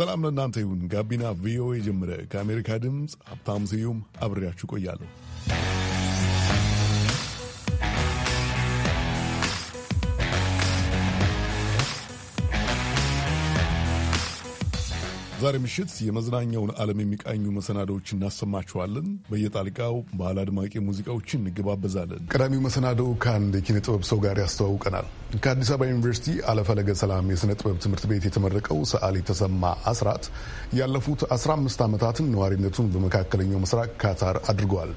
ሰላም ለእናንተ ይሁን። ጋቢና ቪኦኤ ጀምረ ከአሜሪካ ድምፅ ሀብታም ስዩም አብሬያችሁ ቆያለሁ። ዛሬ ምሽት የመዝናኛውን ዓለም የሚቃኙ መሰናዶዎች እናሰማችኋለን። በየጣልቃው ባህል አድማቂ ሙዚቃዎችን እንገባበዛለን። ቀዳሚው መሰናዶ ከአንድ የኪነ ጥበብ ሰው ጋር ያስተዋውቀናል። ከአዲስ አበባ ዩኒቨርሲቲ አለፈለገ ሰላም የሥነ ጥበብ ትምህርት ቤት የተመረቀው ሰዓሊ ተሰማ አስራት ያለፉት 15 ዓመታትን ነዋሪነቱን በመካከለኛው ምስራቅ ካታር አድርገዋል።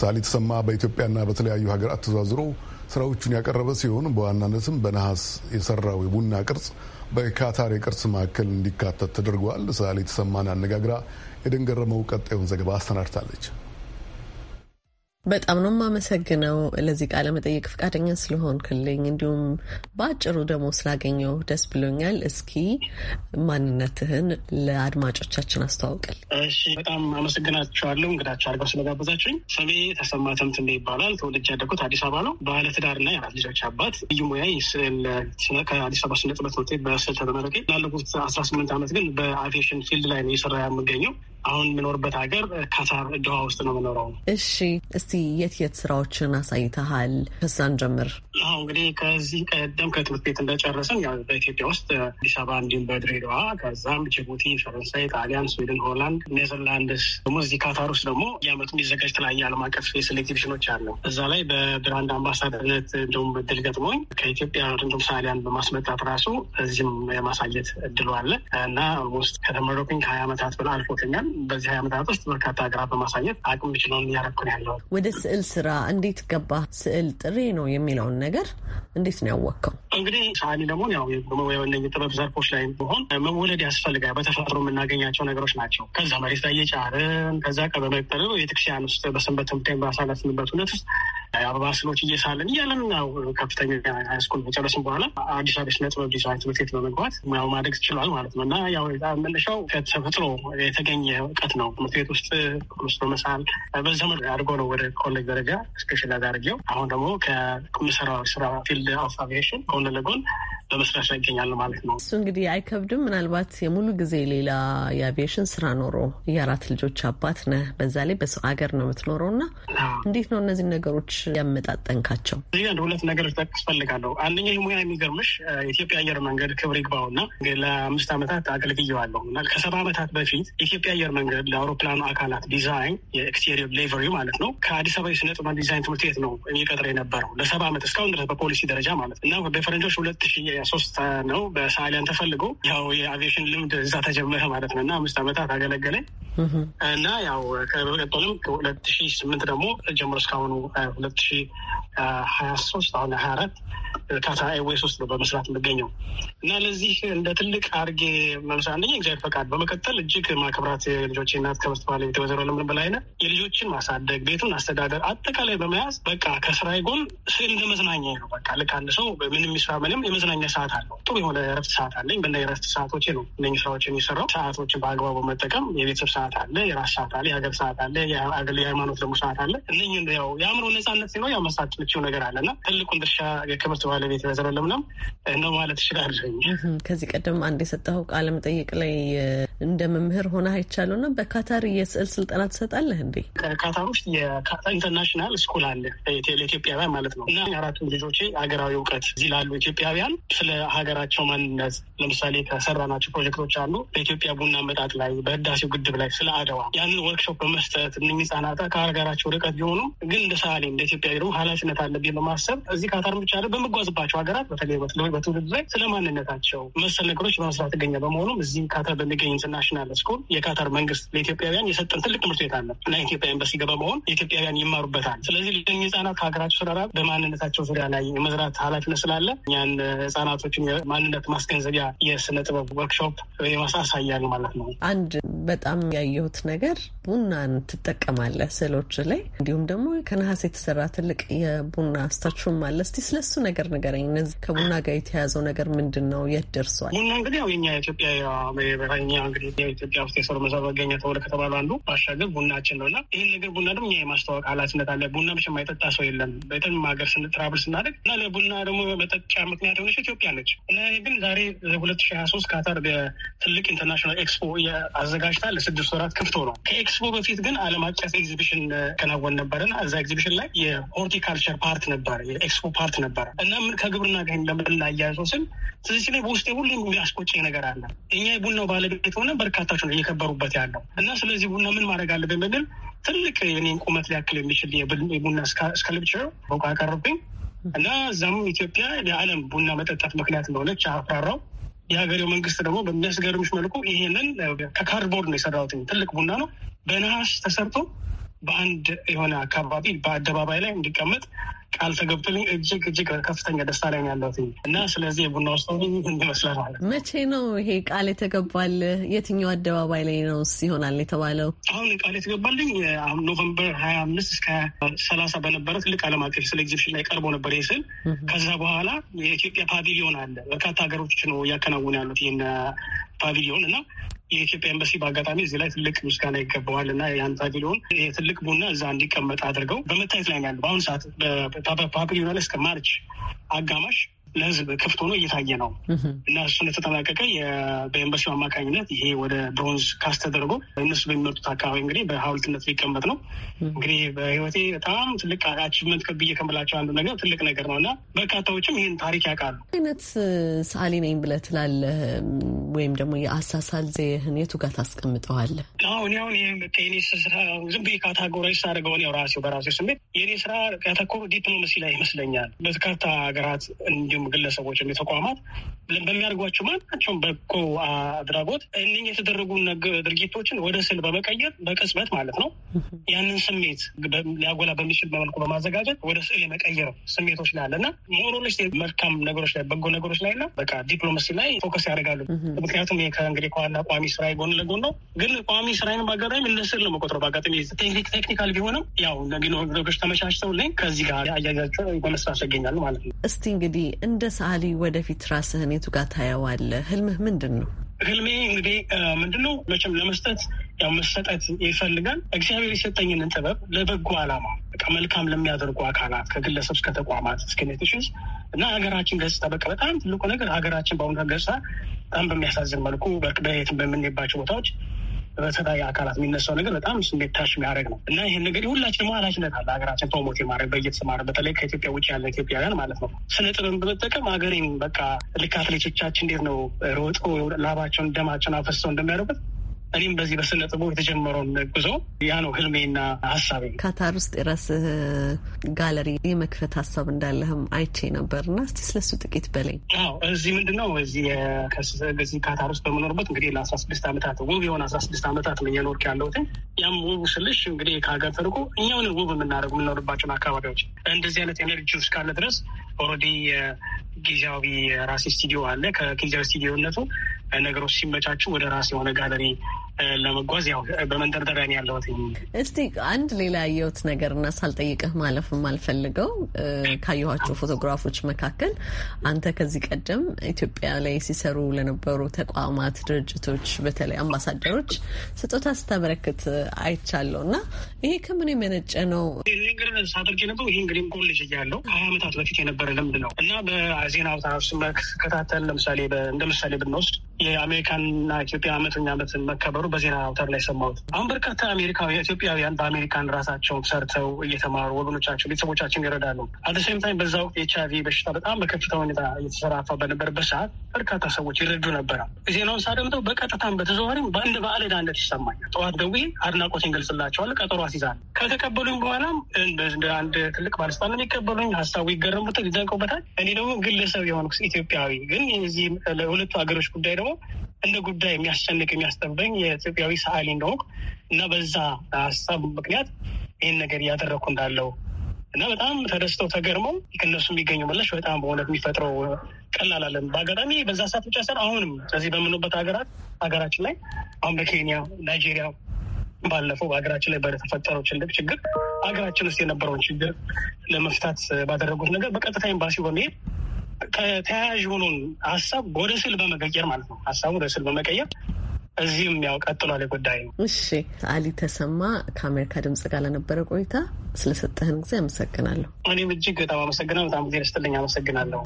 ሰዓሊ ተሰማ በኢትዮጵያና በተለያዩ ሀገራት ተዘዋዝሮ ስራዎቹን ያቀረበ ሲሆን በዋናነትም በነሐስ የሰራው የቡና ቅርጽ በካታር የቅርስ ማዕከል እንዲካተት ተደርጓል። ሰዓሊ የተሰማን አነጋግራ የደንገረመው ቀጣዩን ዘገባ አሰናድታለች። በጣም ነው የማመሰግነው ለዚህ ቃለ መጠየቅ ፈቃደኛ ስለሆንክልኝ፣ እንዲሁም በአጭሩ ደግሞ ስላገኘው ደስ ብሎኛል። እስኪ ማንነትህን ለአድማጮቻችን አስተዋውቅል። እሺ፣ በጣም አመሰግናቸዋለሁ እንግዳቸው አድርገው ስለጋበዛችሁኝ። ስሜ ተሰማ ተምትንቤ ይባላል። ተወልጄ ያደኩት አዲስ አበባ ነው። ባለ ትዳርና የአራት ልጆች አባት። ልዩ ሙያዬ ከአዲስ አበባ ስነ ጥበብ ትምህርት ቤት በስዕል ተመረቄ። ላለፉት አስራ ስምንት ዓመት ግን በአቪዬሽን ፊልድ ላይ ነው የሰራ የምገኘው አሁን የምኖርበት ሀገር ካታር ድሃ ውስጥ ነው የምኖረው። እሺ፣ እስቲ የት የት ስራዎችን አሳይተሃል? ከዛን ጀምር። አሁ እንግዲህ ከዚህ ቀደም ከትምህርት ቤት እንደጨረስን ያው በኢትዮጵያ ውስጥ አዲስ አበባ እንዲሁም በድሬዳዋ ከዛም ጅቡቲ፣ ፈረንሳይ፣ ጣሊያን፣ ስዊድን፣ ሆላንድ፣ ኔዘርላንድስ ደግሞ እዚህ ካታር ውስጥ ደግሞ የአመቱ የሚዘጋጅ ተለያየ ዓለም አቀፍ የስዕል ኤግዚቢሽኖች እዛ ላይ በብራንድ አምባሳደርነት እንዲሁም እድል ገጥሞኝ ከኢትዮጵያ እንዲሁም ሳሊያን በማስመጣት ራሱ እዚህም የማሳየት እድሉ አለ እና ኦልሞስት ከተመረኩኝ ከሀያ አመታት ብለ አልፎትኛል በዚህ ሀያ ዓመታት ውስጥ በርካታ ሀገራት በማሳየት አቅም ችለውን እያረኩን ያለው። ወደ ስዕል ስራ እንዴት ገባ? ስዕል ጥሪ ነው የሚለውን ነገር እንዴት ነው ያወቅከው? እንግዲህ ሰዓሊ ደግሞ ያው በመወያወነ የጥበብ ዘርፎች ላይ ሆን መወለድ ያስፈልጋል። በተፈጥሮ የምናገኛቸው ነገሮች ናቸው። ከዛ መሬት ላይ እየጫርን ከዛ ቀ በመቅጠር ቤተክርስቲያን ውስጥ በሰንበት ትምህርት ባሳለፍንበት ሁነት ውስጥ አበባ ስሎች እየሳለን እያለን ያው ከፍተኛ ሃይስኩል መጨረስም በኋላ አዲስ አበባ ስነ ጥበብ ዲዛይን ትምህርት ቤት በመግባት ያው ማደግ ችሏል ማለት ነው እና ያው መነሻው ከተፈጥሮ የተገኘ እውቀት ነው። ትምህርት ቤት ውስጥ ቁስ በመሳል በዚህ ተምር አድርጎ ነው ወደ ኮሌጅ ደረጃ ስፔሻል አድርጌው አሁን ደግሞ ከምሰራው ስራ ፊልድ ኦፍ አቪዬሽን ጎን ለጎን በመስራት ላይ ይገኛሉ ማለት ነው። እሱ እንግዲህ አይከብድም። ምናልባት የሙሉ ጊዜ ሌላ የአቪዬሽን ስራ ኖሮ የአራት ልጆች አባት ነህ፣ በዛ ላይ በሰው ሀገር ነው የምትኖረው እና እንዴት ነው እነዚህ ነገሮች ያመጣጠንካቸው? እዚህ አንድ ሁለት ነገሮች ጠቅስ ፈልጋለሁ። አንደኛ ይህ ሙያ የሚገርምሽ የኢትዮጵያ አየር መንገድ ክብር ይግባው እና ለአምስት ዓመታት አገልግየዋለሁ እና ከሰባ ዓመታት በፊት ኢትዮጵያ የአየር መንገድ ለአውሮፕላኑ አካላት ዲዛይን የኤክስቴሪየር ሌቨሪ ማለት ነው ከአዲስ አበባ የስነ ጥበብ ዲዛይን ትምህርት ቤት ነው እየቀጥረ የነበረው ለሰባ ዓመት እስካሁን ድረስ በፖሊሲ ደረጃ ማለት እና በፈረንጆች ሁለት ሺ ሶስት ነው በሳሊያን ተፈልጎ ያው የአቪዬሽን ልምድ እዛ ተጀመረ ማለት ነው እና አምስት ዓመታት አገለገለኝ እና ያው ከበቀጠልም ከሁለት ሺ ስምንት ደግሞ ጀምሮ እስካሁኑ ሁለት ሺ ሀያ ሶስት አሁን ሀያ አራት ካታ ኤርዌይስ ውስጥ ነው በመስራት የምገኘው እና ለዚህ እንደ ትልቅ አርጌ መምሳ አንደኛ እግዚአብሔር ፈቃድ በመቀጠል እጅግ ማክብራት የልጆች እናት ከበስት ባለ ወይዘሮ ለምለም በላይነህ የልጆችን ማሳደግ ቤቱን አስተዳደር አጠቃላይ በመያዝ በቃ ከስራዬ ጎን ስዕል እንደ መዝናኛ ነው። በቃ ልክ አንድ ሰው ምንም ይስራ ምንም የመዝናኛ ሰዓት አለው። ጥሩ የሆነ እረፍት ሰዓት አለኝ። በና የረፍት ሰዓቶቼ ነው እነ ስራዎች የሚሰራው። ሰዓቶችን በአግባቡ መጠቀም የቤተሰብ ሰዓት አለ፣ የራስ ሰዓት አለ፣ የሀገር ሰዓት አለ፣ የሃይማኖት ደግሞ ሰዓት አለ። እነ ያው የአእምሮ ነጻነት ሲኖር ያው መሳት ምችው ነገር አለ እና ትልቁን ድርሻ የክብርት ባለቤት ወይዘሮ ለምለም ነው ማለት ይችላል። ከዚህ ቀደም አንድ የሰጠኸው ቃለ መጠይቅ ላይ እንደ መምህር ሆነ አይቻለሁ እና በካታር የስዕል ስልጠና ትሰጣለህ እንዴ? ከካታር ውስጥ የካታር ኢንተርናሽናል ስኩል አለ ለኢትዮጵያውያን ማለት ነው። እና አራቱም ልጆቼ ሀገራዊ እውቀት እዚህ ላሉ ኢትዮጵያውያን ስለ ሀገራቸው ማንነት ለምሳሌ ከሰራናቸው ፕሮጀክቶች አሉ በኢትዮጵያ ቡና መጣት ላይ፣ በህዳሴው ግድብ ላይ፣ ስለ አደዋ ያንን ወርክሾፕ በመስጠት እነኚህ ህጻናት ከሀገራቸው ርቀት ቢሆኑ ግን እንደ ሰዓሊ እንደ ኢትዮጵያ ደግሞ ኃላፊነት አለብኝ በማሰብ እዚህ ካታር ብቻ በምጓዝባቸው ሀገራት በተለይ በትውልድ ላይ ስለ ማንነታቸው መሰል ነገሮች በመስራት ይገኛል። በመሆኑም እዚህ ካታር በሚገኝ ኢንተርናሽናል ስኩል የካታር መንግስት ለኢትዮጵያውያን የሰጠን ትልቅ ትምህርት ቤት አለ እና ኢትዮጵያ ኤምባሲ ገባ መሆን የኢትዮጵያውያን ይማሩበታል። ስለዚህ ለ ህጻናት ከሀገራቸው ስራራ በማንነታቸው ዙሪያ ላይ የመዝራት ኃላፊነት ስላለ እኛን ህጻናቶችን የማንነት ማስገንዘቢያ የስነ ጥበብ ወርክሾፕ የማሳያል ማለት ነው። አንድ በጣም ያየሁት ነገር ቡናን ትጠቀማለህ ስዕሎች ላይ እንዲሁም ደግሞ ከነሐስ የተሰራ ትልቅ የቡና ስታችሁም አለ። እስቲ ስለሱ ነገር ንገረኝ። እነዚህ ከቡና ጋር የተያዘው ነገር ምንድን ነው? የት ደርሷል? ቡና እንግዲህ ያው የኛ ኢትዮጵያ በኛ እንግዲህ ኢትዮጵያ ውስጥ የሰሩ መሰረት መገኛ ተብሎ ከተባሉ አንዱ ባሻገር ቡናችን ነው እና ይህን ነገር ቡና ደግሞ እኛ የማስተዋወቅ ኃላፊነት አለ። ቡና ብቻ የማይጠጣ ሰው የለም። በጣም ሀገር ስንትራብል ስናደግ እና ለቡና ደግሞ መጠጫ ምክንያት የሆነች ኢትዮጵያ ነች እና ግን ዛሬ ሁለት ሺ ሀያ ሶስት ካታር ትልቅ ኢንተርናሽናል ኤክስፖ አዘጋጅታ ለስድስት ወራት ክፍቶ ነው ከኤክስ ከሱ በፊት ግን ዓለም አቀፍ ኤግዚቢሽን ከናወን ነበርና እዛ ኤግዚቢሽን ላይ የሆርቲካልቸር ፓርት ነበር፣ የኤክስፖ ፓርት ነበር እና ምን ከግብርና ጋር ለምን ላያያዘው ስል ስለዚህ ላይ በውስጤ ሁሉ የሚያስቆጭ ነገር አለ። እኛ የቡናው ባለቤት ሆነ በርካታች ነው እየከበሩበት ያለው እና ስለዚህ ቡና ምን ማድረግ አለብን በሚል ትልቅ የኔን ቁመት ሊያክል የሚችል የቡና ስካልፕቸር በውቃ አቀረብኝ እና እዛም ኢትዮጵያ የዓለም ቡና መጠጣት ምክንያት እንደሆነች አፍራራው። የሀገሬው መንግስት ደግሞ በሚያስገርምሽ መልኩ ይሄንን ከካርድቦርድ ነው የሰራሁት። ትልቅ ቡና ነው በነሐስ ተሰርቶ በአንድ የሆነ አካባቢ በአደባባይ ላይ እንዲቀመጥ ቃል ተገብቶልኝ እጅግ እጅግ ከፍተኛ ደስታ ላይ ያለት እና ስለዚህ የቡና ውስጥ እንዲመስላል ማለት ነው። መቼ ነው ይሄ ቃል የተገባል? የትኛው አደባባይ ላይ ነው ይሆናል የተባለው? አሁን ቃል የተገባልኝ ኖቨምበር ሀያ አምስት እስከ ሰላሳ በነበረ ትልቅ ዓለም አቀፍ ስለ ኤግዚቢሽን ላይ ቀርቦ ነበር ይህ ስል ከዛ በኋላ የኢትዮጵያ ፓቪሊዮን አለ። በርካታ ሀገሮች ነው እያከናወኑ ያሉት ይህን ፓቪሊዮን እና የኢትዮጵያ ኤምባሲ በአጋጣሚ እዚህ ላይ ትልቅ ምስጋና ይገባዋል እና የአንታ ቢሊዮን ትልቅ ቡና እዛ እንዲቀመጥ አድርገው በመታየት ላይ ያለ በአሁኑ ሰዓት በፓፒሊዮን እስከ ማርች አጋማሽ ለህዝብ ክፍት ሆኖ እየታየ ነው እና እሱ እንደተጠናቀቀ በኤምባሲው አማካኝነት ይሄ ወደ ብሮንዝ ካስ ተደርጎ እነሱ በሚመጡት አካባቢ እንግዲህ በሀውልትነት ሊቀመጥ ነው። እንግዲህ በህይወቴ በጣም ትልቅ አቺቭመንት ከብዬ ከምላቸው አንዱ ነገር ትልቅ ነገር ነው እና በርካታዎችም ይህን ታሪክ ያውቃሉ። አይነት ሰዓሊ ነኝ ብለህ ትላለህ ወይም ደግሞ የአሳሳል ዘህን የቱ ጋር ታስቀምጠዋለህ? አሁን ሁን ከኔ ስራ ዝም ብዬ ካታጎሪ ሳደርገውን ራሴው በራሴው ስሜት የኔ ስራ ያተኮሩ ዲፕሎማሲ ላይ ይመስለኛል በርካታ ሀገራት እንዲሁም ግለሰቦችም የተቋማት በሚያደርጓቸው ማናቸውም በጎ አድራጎት እነኝ የተደረጉ ድርጊቶችን ወደ ስል በመቀየር በቅጽበት ማለት ነው ያንን ስሜት ሊያጎላ በሚችል በመልኩ በማዘጋጀት ወደ ስል የመቀየር ስሜቶች ላይ አለና ሞሮሎች መልካም ነገሮች ላይ በጎ ነገሮች ላይ ና በቃ ዲፕሎማሲ ላይ ፎከስ ያደርጋሉ። ምክንያቱም ከእንግዲህ ከዋና ቋሚ ስራ ጎን ለጎን ነው። ግን ቋሚ ስራይን በአጋጣሚ ለስዕል ነው መቆጥረው። በአጋጣሚ ቴክኒካል ቢሆንም ያው ነገሮች ተመቻችተው ላይ ከዚህ ጋር አያያቸው በመስራት ያገኛሉ ማለት ነው። እስቲ እንግዲህ እንደ ሰዓሊ ወደፊት ራስህን የቱ ጋር ታየዋለህ? ህልምህ ምንድን ነው? ህልሜ እንግዲህ ነው? መቼም ለመስጠት ያው መሰጠት ይፈልጋል። እግዚአብሔር የሰጠኝንን ጥበብ ለበጎ ዓላማ በቃ መልካም ለሚያደርጉ አካላት ከግለሰብ እስከ ተቋማት እስከ ኔትሽንስ እና ሀገራችን ገጽታ በቃ በጣም ትልቁ ነገር ሀገራችን በአሁኑ ገጽታ በጣም በሚያሳዝን መልኩ በየትን በምንሄባቸው ቦታዎች በተለያዩ አካላት የሚነሳው ነገር በጣም ስሜት ታሽ የሚያደርግ ነው እና ይህን ነገር ሁላችንም ኃላፊነት አለ ሀገራችን ፕሮሞት የማድረግ በየተሰማረ በተለይ ከኢትዮጵያ ውጭ ያለ ኢትዮጵያውያን ማለት ነው ስነ ጥበብን በመጠቀም ሀገሬን በቃ ልክ አትሌቶቻችን እንዴት ነው ሮጦ ላባቸውን ደማቸውን አፈሰው እንደሚያደርጉት እኔም በዚህ በስነ ጥበብ የተጀመረውን ጉዞ ያ ነው ህልሜና ሀሳቤ። ካታር ውስጥ የራስህ ጋለሪ የመክፈት ሀሳብ እንዳለህም አይቼ ነበር እና እስቲ ስለሱ ጥቂት በለኝ። አዎ እዚህ ምንድን ነው በዚህ ካታር ውስጥ በምኖርበት እንግዲህ ለአስራ ስድስት ዓመታት ውብ የሆነ አስራ ስድስት ዓመታት ነው እየኖርክ ያለሁትን ያም ውብ ስልሽ እንግዲህ ከሀገር ተርቆ እኛውን ውብ የምናደርጉ የምንኖርባቸውን አካባቢዎች እንደዚህ አይነት ኤነርጂ ውስጥ ካለ ድረስ ኦልሬዲ ጊዜያዊ ራሴ ስቱዲዮ አለ። ከጊዜያዊ ስቱዲዮነቱ ነገሮች ሲመቻቹ ወደ ራስ የሆነ ጋለሪ ለመጓዝ ያው በመንደርደሪያ ነው ያለሁት። እስቲ አንድ ሌላ ያየሁት ነገር እና ሳልጠይቅህ ማለፍ የማልፈልገው ካየኋቸው ፎቶግራፎች መካከል አንተ ከዚህ ቀደም ኢትዮጵያ ላይ ሲሰሩ ለነበሩ ተቋማት፣ ድርጅቶች በተለይ አምባሳደሮች ስጦታ ስታበረክት አይቻለሁ እና ይሄ ከምን የመነጨ ነው? ንግር ሳደርግ የነበሩ ይህ እንግዲህ ኮሌጅ እያለሁ ሀያ ዓመታት በፊት የነበረ ልምድ ነው እና በዜና አውታሮች ስመከታተል ለምሳሌ እንደ ምሳሌ ብንወስድ የአሜሪካንና ኢትዮጵያ አመተኛ አመትን መከበሩ በዜና አውታር ላይ ሰማሁት። አሁን በርካታ አሜሪካዊ ኢትዮጵያውያን በአሜሪካን ራሳቸውን ሰርተው እየተማሩ ወገኖቻቸው፣ ቤተሰቦቻችን ይረዳሉ። አደሴም ታይም በዛ ወቅት ኤች አይቪ በሽታ በጣም በከፍታ ሁኔታ እየተሰራፋ በነበረበት ሰዓት በርካታ ሰዎች ይረዱ ነበረ። ዜናውን ሳደምጠው በቀጥታም በተዘዋዋሪም በአንድ በአለዳ አንደት ይሰማኛል። ጠዋት ደውዬ አድናቆት እንገልጽላቸዋል። ቀጠሮ አስይዛለሁ። ከተቀበሉኝ በኋላም እንደ አንድ ትልቅ ባለስልጣን የሚቀበሉኝ ሀሳቡ ይገረሙታል፣ ይዘንቀውበታል። እኔ ደግሞ ግለሰብ የሆንኩ ኢትዮጵያዊ ግን የዚህ ለሁለቱ ሀገሮች ጉዳይ ደግሞ እንደ ጉዳይ የሚያስጨንቅ የሚያስጠብኝ የኢትዮጵያዊ ሰዓሊ እንደሆንኩ እና በዛ ሀሳብ ምክንያት ይህን ነገር እያደረግኩ እንዳለው እና በጣም ተደስተው ተገርመው ከእነሱ የሚገኙ መለሽ በጣም በእውነት የሚፈጥረው ቀላል አለን። በአጋጣሚ በዛ ሰዓት ብቻ ሳይሆን አሁንም ስለዚህ በምንበት ሀገራት ሀገራችን ላይ አሁን በኬንያ ናይጄሪያ ባለፈው በሀገራችን ላይ በተፈጠረው ትልቅ ችግር ሀገራችን ውስጥ የነበረውን ችግር ለመፍታት ባደረጉት ነገር በቀጥታ ኤምባሲው በመሄድ ከተያያዥ የሆኑን ሀሳብ ወደ ስዕል በመቀየር ማለት ነው። ሀሳቡ ወደ ስዕል በመቀየር እዚህም ያው ቀጥሏል ጉዳይ ነው። እሺ አሊ ተሰማ ከአሜሪካ ድምጽ ጋር ለነበረ ቆይታ ስለሰጠህን ጊዜ አመሰግናለሁ። እኔም እጅግ በጣም አመሰግናለሁ። በጣም ጊዜ ስትልኝ አመሰግናለሁ።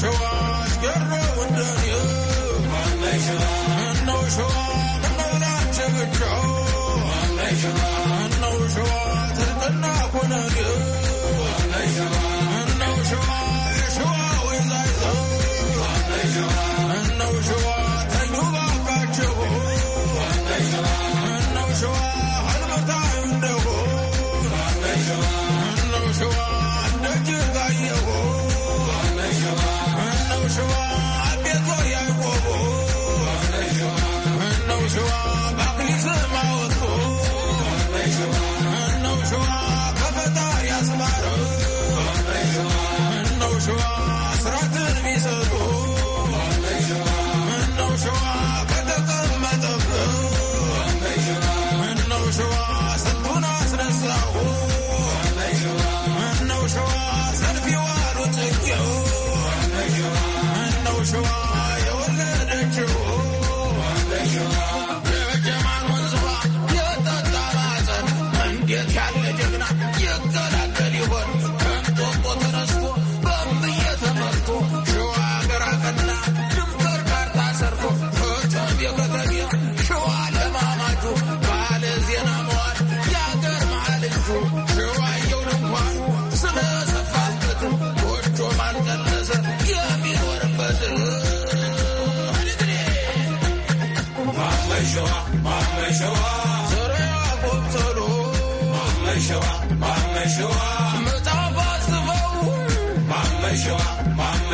show, nation,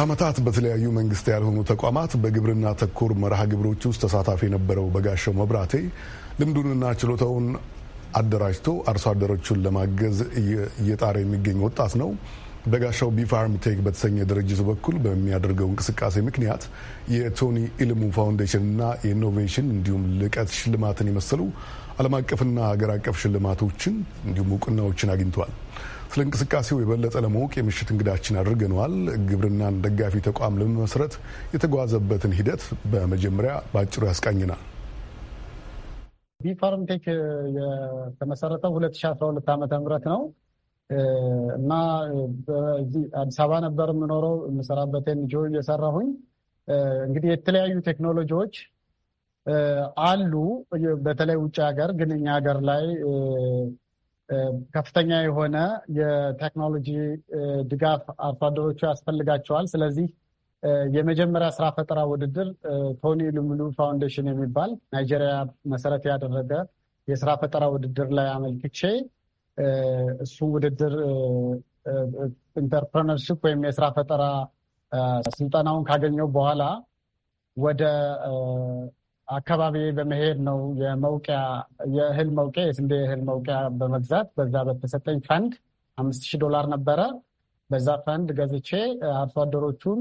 ለዓመታት በተለያዩ መንግስት ያልሆኑ ተቋማት በግብርና ተኮር መርሃ ግብሮች ውስጥ ተሳታፊ የነበረው በጋሻው መብራቴ ልምዱንና ችሎታውን አደራጅቶ አርሶ አደሮቹን ለማገዝ እየጣረ የሚገኝ ወጣት ነው። በጋሻው ቢፋርም ቴክ በተሰኘ ድርጅቱ በኩል በሚያደርገው እንቅስቃሴ ምክንያት የቶኒ ኢልሙ ፋውንዴሽንና የኢኖቬሽን እንዲሁም ልቀት ሽልማትን የመሰሉ ዓለም አቀፍና ሀገር አቀፍ ሽልማቶችን እንዲሁም እውቅናዎችን አግኝተዋል። ስለ እንቅስቃሴው የበለጠ ለማወቅ የምሽት እንግዳችን አድርገነዋል። ግብርናን ደጋፊ ተቋም ለመመስረት የተጓዘበትን ሂደት በመጀመሪያ በአጭሩ ያስቃኝናል። ቢፋርምቴክ የተመሰረተው 2012 ዓ ም ነው እና አዲስ አበባ ነበር የምኖረው የምሰራበት ንጆ እየሰራሁኝ እንግዲህ የተለያዩ ቴክኖሎጂዎች አሉ። በተለይ ውጭ ሀገር ግን እኛ ሀገር ላይ ከፍተኛ የሆነ የቴክኖሎጂ ድጋፍ አርሶ አደሮቹ ያስፈልጋቸዋል። ስለዚህ የመጀመሪያ ስራ ፈጠራ ውድድር ቶኒ ሉሙሉ ፋውንዴሽን የሚባል ናይጄሪያ መሰረት ያደረገ የስራ ፈጠራ ውድድር ላይ አመልክቼ እሱ ውድድር ኢንተርፕረነርሽፕ ወይም የስራ ፈጠራ ስልጠናውን ካገኘው በኋላ ወደ አካባቢ በመሄድ ነው የመውቂያ የእህል መውቂያ የስንዴ እህል መውቂያ በመግዛት በዛ በተሰጠኝ ፈንድ አምስት ሺህ ዶላር ነበረ። በዛ ፈንድ ገዝቼ አርሶ አደሮቹን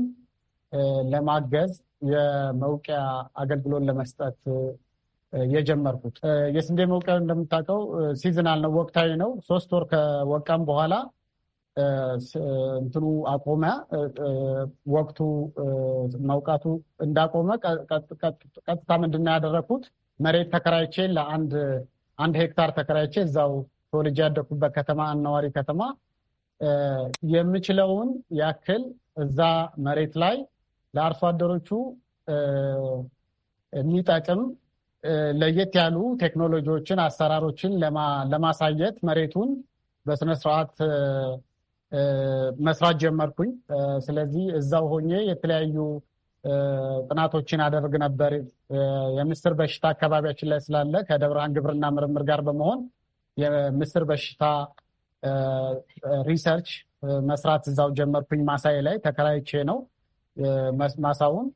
ለማገዝ የመውቂያ አገልግሎት ለመስጠት የጀመርኩት። የስንዴ መውቂያ እንደምታውቀው ሲዝናል ነው፣ ወቅታዊ ነው። ሶስት ወር ከወቃም በኋላ እንትኑ አቆመ። ወቅቱ መውቃቱ እንዳቆመ ቀጥታ ምንድና ያደረግኩት? መሬት ተከራይቼ ለአንድ አንድ ሄክታር ተከራይቼ እዛው ተወልጄ ያደኩበት ከተማ አነዋሪ ከተማ የምችለውን ያክል እዛ መሬት ላይ ለአርሶ አደሮቹ የሚጠቅም ለየት ያሉ ቴክኖሎጂዎችን፣ አሰራሮችን ለማሳየት መሬቱን በስነስርዓት መስራት ጀመርኩኝ። ስለዚህ እዛው ሆኜ የተለያዩ ጥናቶችን አደርግ ነበር። የምስር በሽታ አካባቢያችን ላይ ስላለ ከደብረ ብርሃን ግብርና ምርምር ጋር በመሆን የምስር በሽታ ሪሰርች መስራት እዛው ጀመርኩኝ። ማሳይ ላይ ተከራይቼ ነው ማሳውን።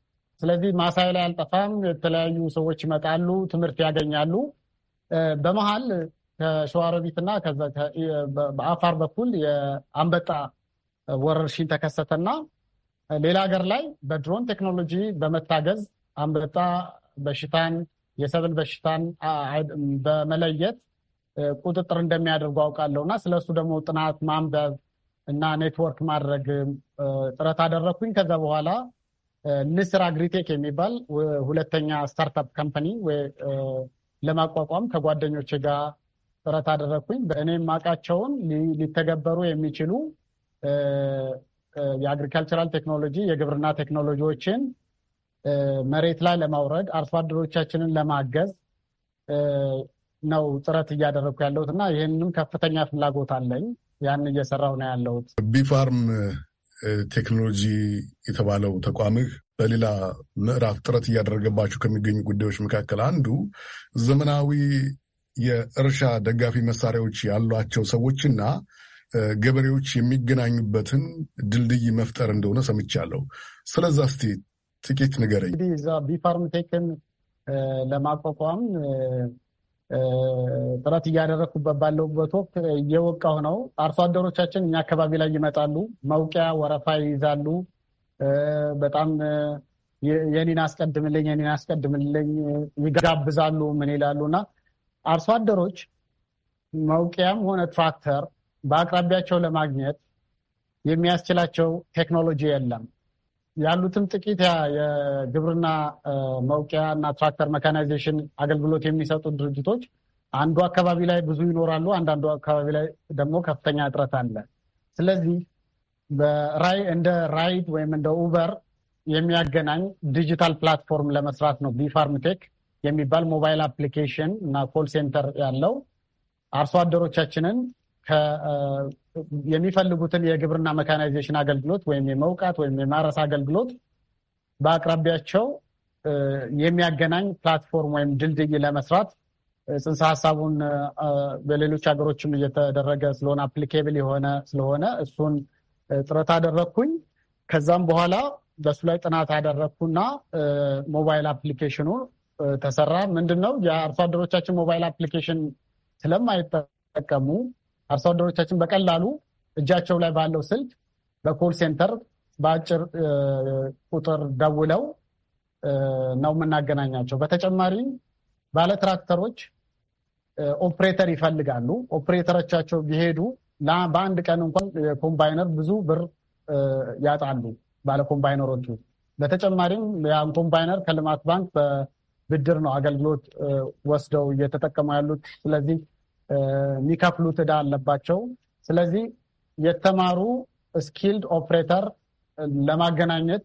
ስለዚህ ማሳይ ላይ አልጠፋም። የተለያዩ ሰዎች ይመጣሉ፣ ትምህርት ያገኛሉ። በመሀል ከሸዋሮቢትና በአፋር በኩል የአንበጣ ወረርሽኝ ተከሰተና ሌላ ሀገር ላይ በድሮን ቴክኖሎጂ በመታገዝ አንበጣ በሽታን የሰብል በሽታን በመለየት ቁጥጥር እንደሚያደርጉ አውቃለሁ እና ስለሱ ደግሞ ጥናት ማንበብ እና ኔትወርክ ማድረግ ጥረት አደረግኩኝ። ከዛ በኋላ ንስር አግሪቴክ የሚባል ሁለተኛ ስታርታፕ ካምፓኒ ለማቋቋም ከጓደኞች ጋር ጥረት አደረግኩኝ። እኔም ማቃቸውን ሊተገበሩ የሚችሉ የአግሪካልቸራል ቴክኖሎጂ የግብርና ቴክኖሎጂዎችን መሬት ላይ ለማውረድ አርሶ አደሮቻችንን ለማገዝ ነው ጥረት እያደረግኩ ያለሁት እና ይህንም ከፍተኛ ፍላጎት አለኝ። ያን እየሰራው ነው ያለሁት። ቢፋርም ቴክኖሎጂ የተባለው ተቋምህ በሌላ ምዕራፍ ጥረት እያደረገባቸው ከሚገኙ ጉዳዮች መካከል አንዱ ዘመናዊ የእርሻ ደጋፊ መሳሪያዎች ያሏቸው ሰዎችና ገበሬዎች የሚገናኙበትን ድልድይ መፍጠር እንደሆነ ሰምቻለሁ። ስለዛ እስቲ ጥቂት ንገረኝ። እንግዲህ እዛ ቢፋርም ቴክን ለማቋቋም ጥረት እያደረግኩበት ባለውበት ወቅት እየወቃሁ ነው። አርሶ አደሮቻችን እኛ አካባቢ ላይ ይመጣሉ፣ መውቂያ ወረፋ ይይዛሉ። በጣም የኔን አስቀድምልኝ፣ የኔን አስቀድምልኝ ይጋብዛሉ። ምን ይላሉ እና አርሶ አደሮች መውቂያም ሆነ ትራክተር በአቅራቢያቸው ለማግኘት የሚያስችላቸው ቴክኖሎጂ የለም። ያሉትም ጥቂት የግብርና መውቂያ እና ትራክተር መካናይዜሽን አገልግሎት የሚሰጡ ድርጅቶች አንዱ አካባቢ ላይ ብዙ ይኖራሉ፣ አንዳንዱ አካባቢ ላይ ደግሞ ከፍተኛ እጥረት አለ። ስለዚህ እንደ ራይድ ወይም እንደ ኡበር የሚያገናኝ ዲጂታል ፕላትፎርም ለመስራት ነው ቢፋርምቴክ የሚባል ሞባይል አፕሊኬሽን እና ኮል ሴንተር ያለው አርሶ አደሮቻችንን የሚፈልጉትን የግብርና መካናይዜሽን አገልግሎት ወይም የመውቃት ወይም የማረስ አገልግሎት በአቅራቢያቸው የሚያገናኝ ፕላትፎርም ወይም ድልድይ ለመስራት ጽንሰ ሀሳቡን በሌሎች ሀገሮችም እየተደረገ ስለሆነ አፕሊኬብል የሆነ ስለሆነ እሱን ጥረት አደረግኩኝ። ከዛም በኋላ በእሱ ላይ ጥናት አደረግኩና ሞባይል አፕሊኬሽኑ ተሰራ። ምንድን ነው የአርሶ አደሮቻችን ሞባይል አፕሊኬሽን ስለማይጠቀሙ አርሶ አደሮቻችን በቀላሉ እጃቸው ላይ ባለው ስልክ በኮል ሴንተር በአጭር ቁጥር ደውለው ነው የምናገናኛቸው። በተጨማሪም ባለትራክተሮች ኦፕሬተር ይፈልጋሉ። ኦፕሬተሮቻቸው ቢሄዱ በአንድ ቀን እንኳን የኮምባይነር ብዙ ብር ያጣሉ ባለኮምባይነሮቹ። በተጨማሪም ያን ኮምባይነር ከልማት ባንክ ብድር ነው አገልግሎት ወስደው እየተጠቀሙ ያሉት። ስለዚህ የሚከፍሉት ዕዳ አለባቸው። ስለዚህ የተማሩ ስኪልድ ኦፕሬተር ለማገናኘት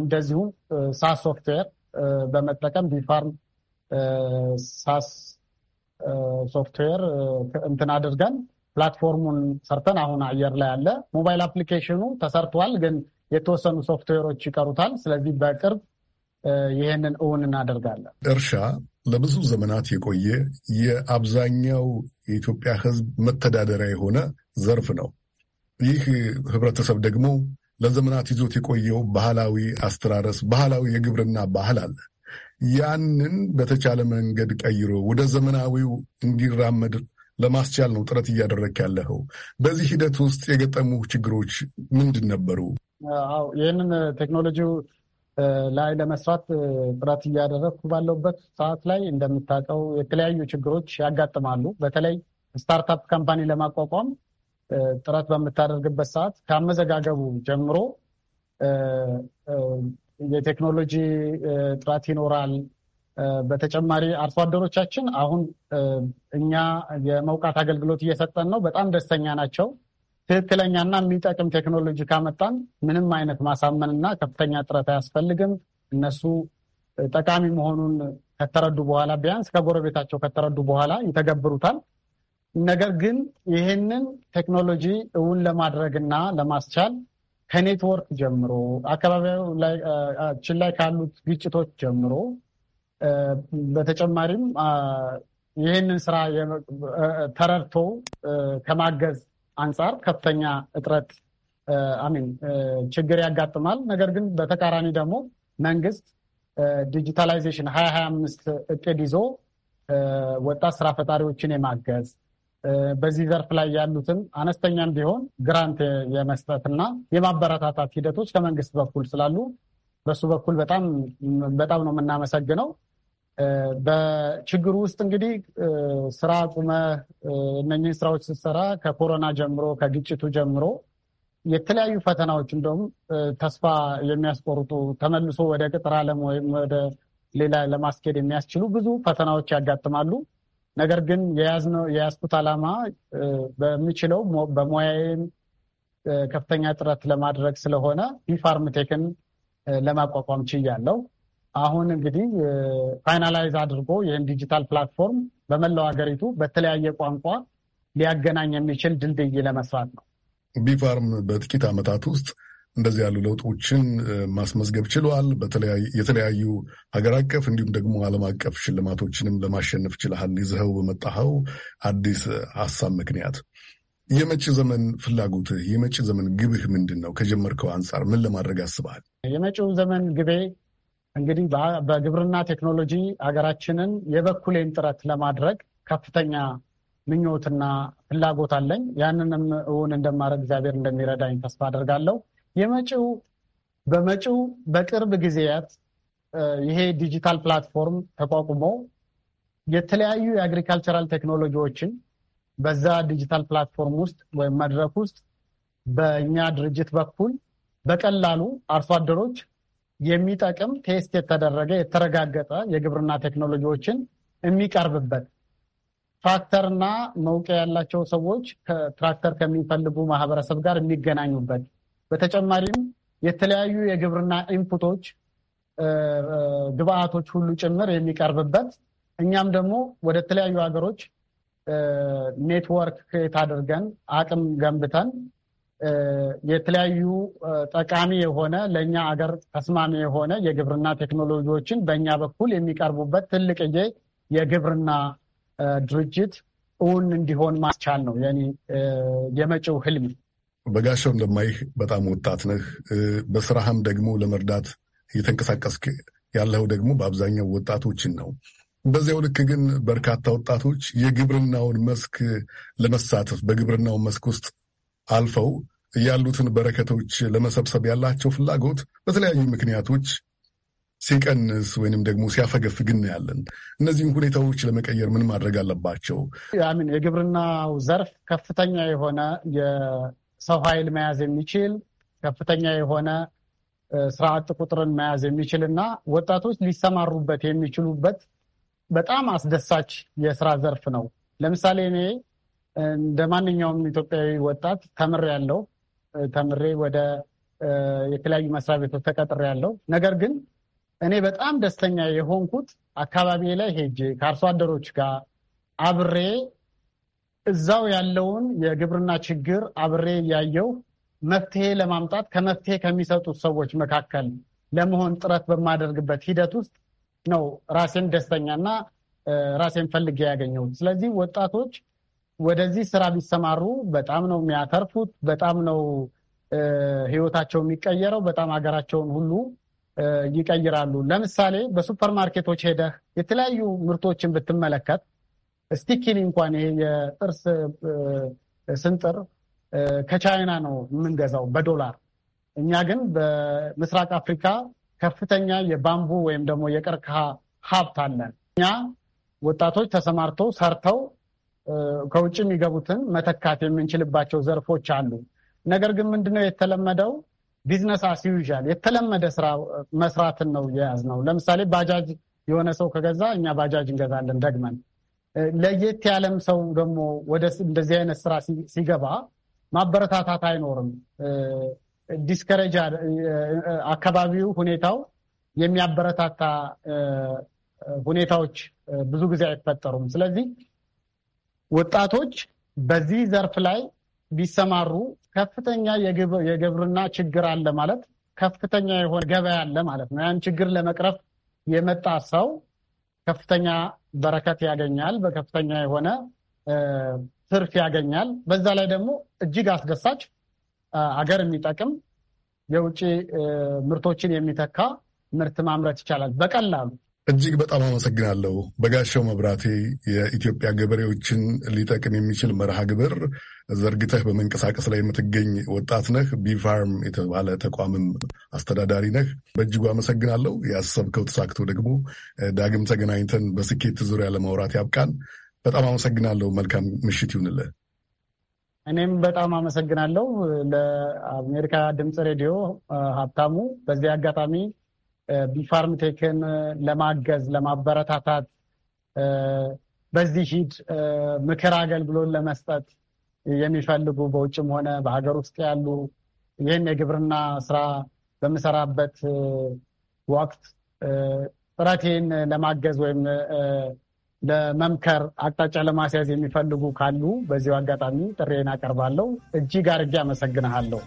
እንደዚሁም ሳስ ሶፍትዌር በመጠቀም ቢፋርም ሳስ ሶፍትዌር እንትን አድርገን ፕላትፎርሙን ሰርተን አሁን አየር ላይ ያለ ሞባይል አፕሊኬሽኑ ተሰርቷል፣ ግን የተወሰኑ ሶፍትዌሮች ይቀሩታል። ስለዚህ በቅርብ ይህንን እውን እናደርጋለን። እርሻ ለብዙ ዘመናት የቆየ የአብዛኛው የኢትዮጵያ ሕዝብ መተዳደሪያ የሆነ ዘርፍ ነው። ይህ ህብረተሰብ ደግሞ ለዘመናት ይዞት የቆየው ባህላዊ አስተራረስ፣ ባህላዊ የግብርና ባህል አለ። ያንን በተቻለ መንገድ ቀይሮ ወደ ዘመናዊው እንዲራመድ ለማስቻል ነው ጥረት እያደረግ ያለኸው። በዚህ ሂደት ውስጥ የገጠሙ ችግሮች ምንድን ነበሩ? ይህንን ቴክኖሎጂው ላይ ለመስራት ጥረት እያደረግኩ ባለውበት ሰዓት ላይ እንደምታውቀው የተለያዩ ችግሮች ያጋጥማሉ። በተለይ ስታርታፕ ካምፓኒ ለማቋቋም ጥረት በምታደርግበት ሰዓት ከአመዘጋገቡ ጀምሮ የቴክኖሎጂ ጥረት ይኖራል። በተጨማሪ አርሶ አደሮቻችን አሁን እኛ የመውቃት አገልግሎት እየሰጠን ነው፣ በጣም ደስተኛ ናቸው። ትክክለኛና የሚጠቅም ቴክኖሎጂ ካመጣን ምንም አይነት ማሳመንና ከፍተኛ ጥረት አያስፈልግም። እነሱ ጠቃሚ መሆኑን ከተረዱ በኋላ ቢያንስ ከጎረቤታቸው ከተረዱ በኋላ ይተገብሩታል። ነገር ግን ይህንን ቴክኖሎጂ እውን ለማድረግና ለማስቻል ከኔትወርክ ጀምሮ አካባቢያችን ላይ ካሉት ግጭቶች ጀምሮ በተጨማሪም ይህንን ስራ ተረድቶ ከማገዝ አንጻር ከፍተኛ እጥረት አሚን ችግር ያጋጥማል። ነገር ግን በተቃራኒ ደግሞ መንግስት ዲጂታላይዜሽን ሀያ ሀያ አምስት እቅድ ይዞ ወጣት ስራ ፈጣሪዎችን የማገዝ በዚህ ዘርፍ ላይ ያሉትን አነስተኛም ቢሆን ግራንት የመስጠትና የማበረታታት ሂደቶች ከመንግስት በኩል ስላሉ በሱ በኩል በጣም በጣም ነው የምናመሰግነው። በችግሩ ውስጥ እንግዲህ ስራ ቁመ እነኚህ ስራዎች ስትሰራ ከኮሮና ጀምሮ ከግጭቱ ጀምሮ የተለያዩ ፈተናዎች እንደውም ተስፋ የሚያስቆርጡ ተመልሶ ወደ ቅጥር ዓለም ወይም ወደ ሌላ ለማስኬድ የሚያስችሉ ብዙ ፈተናዎች ያጋጥማሉ። ነገር ግን የያዝኩት ዓላማ በምችለው በሙያዬም ከፍተኛ ጥረት ለማድረግ ስለሆነ ቢፋርምቴክን ለማቋቋም ችያለሁ። አሁን እንግዲህ ፋይናላይዝ አድርጎ ይህን ዲጂታል ፕላትፎርም በመላው ሀገሪቱ በተለያየ ቋንቋ ሊያገናኝ የሚችል ድልድይ ለመስራት ነው። ቢፋርም በጥቂት ዓመታት ውስጥ እንደዚህ ያሉ ለውጦችን ማስመዝገብ ችሏል። የተለያዩ ሀገር አቀፍ እንዲሁም ደግሞ ዓለም አቀፍ ሽልማቶችንም ለማሸነፍ ችልሃል። ይዘኸው በመጣኸው አዲስ ሀሳብ ምክንያት የመጪ ዘመን ፍላጎትህ፣ የመጪ ዘመን ግብህ ምንድን ነው? ከጀመርከው አንጻር ምን ለማድረግ አስበሃል? የመጪው ዘመን ግቤ እንግዲህ በግብርና ቴክኖሎጂ ሀገራችንን የበኩሌን ጥረት ለማድረግ ከፍተኛ ምኞትና ፍላጎት አለኝ። ያንንም እውን እንደማድረግ እግዚአብሔር እንደሚረዳኝ ተስፋ አደርጋለሁ። የመጪው በመጪው በቅርብ ጊዜያት ይሄ ዲጂታል ፕላትፎርም ተቋቁሞ የተለያዩ የአግሪካልቸራል ቴክኖሎጂዎችን በዛ ዲጂታል ፕላትፎርም ውስጥ ወይም መድረክ ውስጥ በእኛ ድርጅት በኩል በቀላሉ አርሶ አደሮች የሚጠቅም ቴስት የተደረገ የተረጋገጠ የግብርና ቴክኖሎጂዎችን የሚቀርብበት ትራክተርና መውቂያ ያላቸው ሰዎች ትራክተር ከሚፈልጉ ማህበረሰብ ጋር የሚገናኙበት በተጨማሪም የተለያዩ የግብርና ኢንፑቶች ግብአቶች ሁሉ ጭምር የሚቀርብበት እኛም ደግሞ ወደ ተለያዩ ሀገሮች ኔትወርክ ክሬት አድርገን አቅም ገንብተን የተለያዩ ጠቃሚ የሆነ ለእኛ አገር ተስማሚ የሆነ የግብርና ቴክኖሎጂዎችን በእኛ በኩል የሚቀርቡበት ትልቅዬ የግብርና ድርጅት እውን እንዲሆን ማስቻል ነው የኔ የመጪው ህልም። በጋሻው እንደማይህ በጣም ወጣት ነህ። በስራህም ደግሞ ለመርዳት እየተንቀሳቀስክ ያለው ደግሞ በአብዛኛው ወጣቶችን ነው። በዚያው ልክ ግን በርካታ ወጣቶች የግብርናውን መስክ ለመሳተፍ በግብርናው መስክ ውስጥ አልፈው ያሉትን በረከቶች ለመሰብሰብ ያላቸው ፍላጎት በተለያዩ ምክንያቶች ሲቀንስ ወይንም ደግሞ ሲያፈገፍግ እናያለን። እነዚህም ሁኔታዎች ለመቀየር ምን ማድረግ አለባቸው? አሚን የግብርናው ዘርፍ ከፍተኛ የሆነ የሰው ኃይል መያዝ የሚችል ከፍተኛ የሆነ ስራ አጥ ቁጥርን መያዝ የሚችል እና ወጣቶች ሊሰማሩበት የሚችሉበት በጣም አስደሳች የስራ ዘርፍ ነው። ለምሳሌ እኔ እንደ ማንኛውም ኢትዮጵያዊ ወጣት ተምሬያለሁ። ተምሬ ወደ የተለያዩ መስሪያ ቤቶች ተቀጥሬ ያለው ነገር ግን እኔ በጣም ደስተኛ የሆንኩት አካባቢ ላይ ሄጄ ከአርሶ አደሮች ጋር አብሬ እዛው ያለውን የግብርና ችግር አብሬ እያየው መፍትሄ ለማምጣት ከመፍትሄ ከሚሰጡት ሰዎች መካከል ለመሆን ጥረት በማደርግበት ሂደት ውስጥ ነው ራሴን ደስተኛና ራሴን ፈልጌ ያገኘሁት። ስለዚህ ወጣቶች ወደዚህ ስራ ቢሰማሩ በጣም ነው የሚያተርፉት። በጣም ነው ህይወታቸው የሚቀየረው። በጣም ሀገራቸውን ሁሉ ይቀይራሉ። ለምሳሌ በሱፐርማርኬቶች ሄደህ የተለያዩ ምርቶችን ብትመለከት ስቲኪኒ እንኳን ይሄ የጥርስ ስንጥር ከቻይና ነው የምንገዛው በዶላር። እኛ ግን በምስራቅ አፍሪካ ከፍተኛ የባምቡ ወይም ደግሞ የቀርከሃ ሀብት አለን። እኛ ወጣቶች ተሰማርተው ሰርተው ከውጭ የሚገቡትን መተካት የምንችልባቸው ዘርፎች አሉ። ነገር ግን ምንድነው የተለመደው ቢዝነስ አስ ዩዣል የተለመደ ስራ መስራትን ነው የያዝነው። ለምሳሌ ባጃጅ የሆነ ሰው ከገዛ እኛ ባጃጅ እንገዛለን ደግመን። ለየት ያለም ሰው ደግሞ ወደ እንደዚህ አይነት ስራ ሲገባ ማበረታታት አይኖርም። ዲስከሬጅ አካባቢው ሁኔታው የሚያበረታታ ሁኔታዎች ብዙ ጊዜ አይፈጠሩም። ስለዚህ ወጣቶች በዚህ ዘርፍ ላይ ቢሰማሩ ከፍተኛ የግብርና ችግር አለ ማለት ከፍተኛ የሆነ ገበያ አለ ማለት ነው። ያን ችግር ለመቅረፍ የመጣ ሰው ከፍተኛ በረከት ያገኛል፣ በከፍተኛ የሆነ ትርፍ ያገኛል። በዛ ላይ ደግሞ እጅግ አስደሳች አገር የሚጠቅም የውጭ ምርቶችን የሚተካ ምርት ማምረት ይቻላል በቀላሉ እጅግ በጣም አመሰግናለሁ በጋሻው መብራቴ። የኢትዮጵያ ገበሬዎችን ሊጠቅም የሚችል መርሃ ግብር ዘርግተህ በመንቀሳቀስ ላይ የምትገኝ ወጣት ነህ። ቢፋርም የተባለ ተቋምም አስተዳዳሪ ነህ። በእጅጉ አመሰግናለሁ። ያሰብከው ተሳክቶ ደግሞ ዳግም ተገናኝተን በስኬት ዙሪያ ለማውራት ያብቃን። በጣም አመሰግናለሁ። መልካም ምሽት ይሁንልህ። እኔም በጣም አመሰግናለሁ ለአሜሪካ ድምፅ ሬዲዮ ሀብታሙ በዚህ አጋጣሚ ቴክን ለማገዝ ለማበረታታት በዚህ ሂድ ምክር አገልግሎት ለመስጠት የሚፈልጉ በውጭም ሆነ በሀገር ውስጥ ያሉ ይህን የግብርና ስራ በምሰራበት ወቅት ጥረቴን ለማገዝ ወይም ለመምከር አቅጣጫ ለማስያዝ የሚፈልጉ ካሉ በዚሁ አጋጣሚ ጥሬን አቀርባለሁ። እጅግ አድርጌ አመሰግንሃለሁ።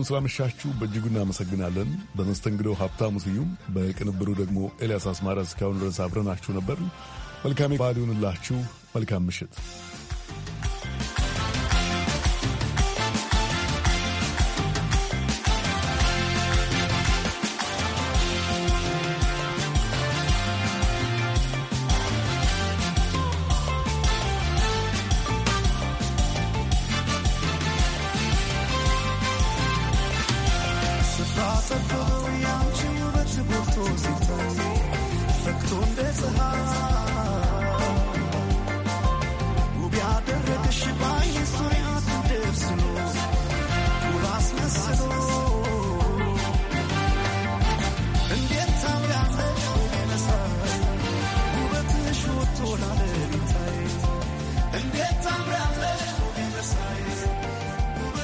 አብራችሁን ስላመሻችሁ በእጅጉ እናመሰግናለን። በመስተንግዶ ሀብታሙ ስዩም፣ በቅንብሩ ደግሞ ኤልያስ አስማራ እስካሁን ድረስ አብረናችሁ ነበር። መልካም ባዲሆንላችሁ። መልካም ምሽት።